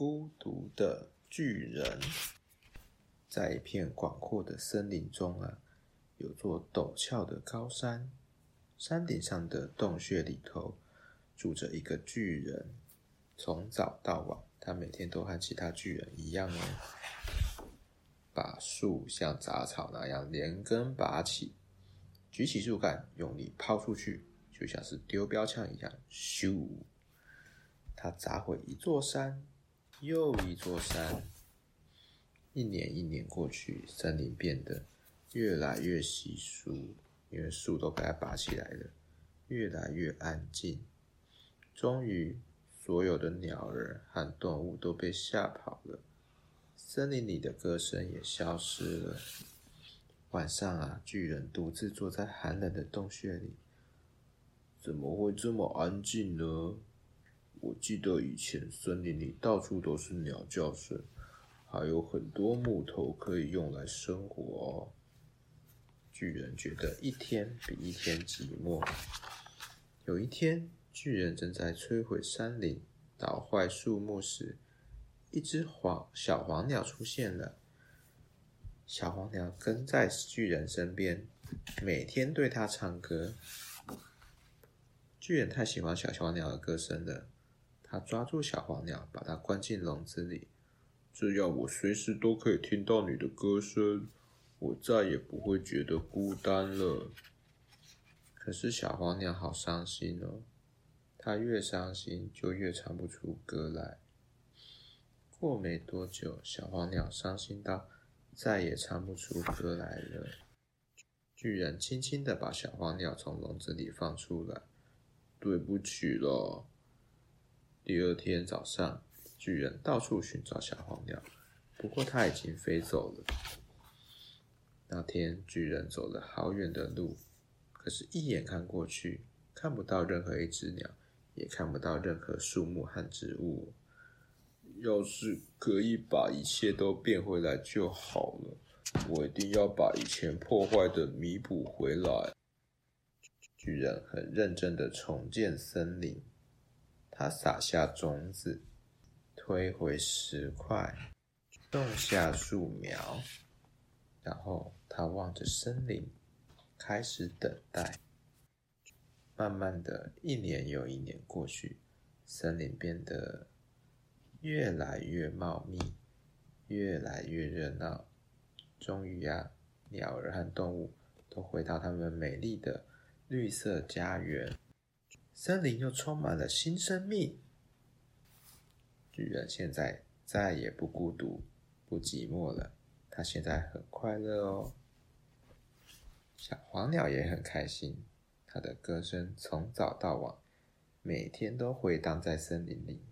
孤獨的巨人，在一片廣闊的森林中啊，有座陡峭的高山。山頂上的洞穴裡頭，住着一個巨人。從早到晚，他每天都和其他巨人一樣哦，把樹像雜草那樣連根拔起，舉起樹幹，用力拋出去，就像是丟標槍一樣。咻！他砸毀一座山。又一座山，一年一年過去，森林變得越來越稀疏，因為樹都被他拔起來了，越來越安靜。終於，所有的鳥兒和動物都被嚇跑了，森林裡的歌聲也消失了。晚上啊，巨人獨自坐在寒冷的洞穴裡，怎麼會這麼安靜呢？我記得以前森林裡到處都是鳥叫聲，還有很多木頭可以用來生火哦。巨人覺得一天比一天寂寞。有一天，巨人正在摧毀山林、搗壞樹木時，一隻黃小黃鳥出現了。小黃鳥跟在巨人身邊，每天對他唱歌。巨人太喜歡小黃鳥的歌聲了。他抓住小黃鳥，把它關進籠子裡。這樣，我隨時都可以聽到你的歌聲，我再也不會覺得孤單了。可是，小黃鳥好傷心哦。它越傷心，就越唱不出歌來。過沒多久，小黃鳥傷心到再也唱不出歌來了。巨人輕輕地把小黃鳥從籠子裡放出來。對不起了。第二天早上，巨人到處尋找小黃鳥，不過它已經飛走了。那天巨人走了好遠的路，可是，一眼看過去，看不到任何一隻鳥，也看不到任何樹木和植物。要是可以把一切都變回來就好了。我一定要把以前破壞的彌補回來。巨人很認真的重建森林。他撒下種子，推回石塊，種下樹苗，然後他望着森林，開始等待。慢慢的一年又一年過去，森林變得越來越茂密，越來越熱鬧。終於啊，鳥兒和動物都回到他們美麗的綠色家園。森林又充滿了新生命，巨人現在再也不孤獨、不寂寞了，他現在很快樂哦。小黃鳥也很開心，它的歌聲從早到晚，每天都迴盪在森林裡。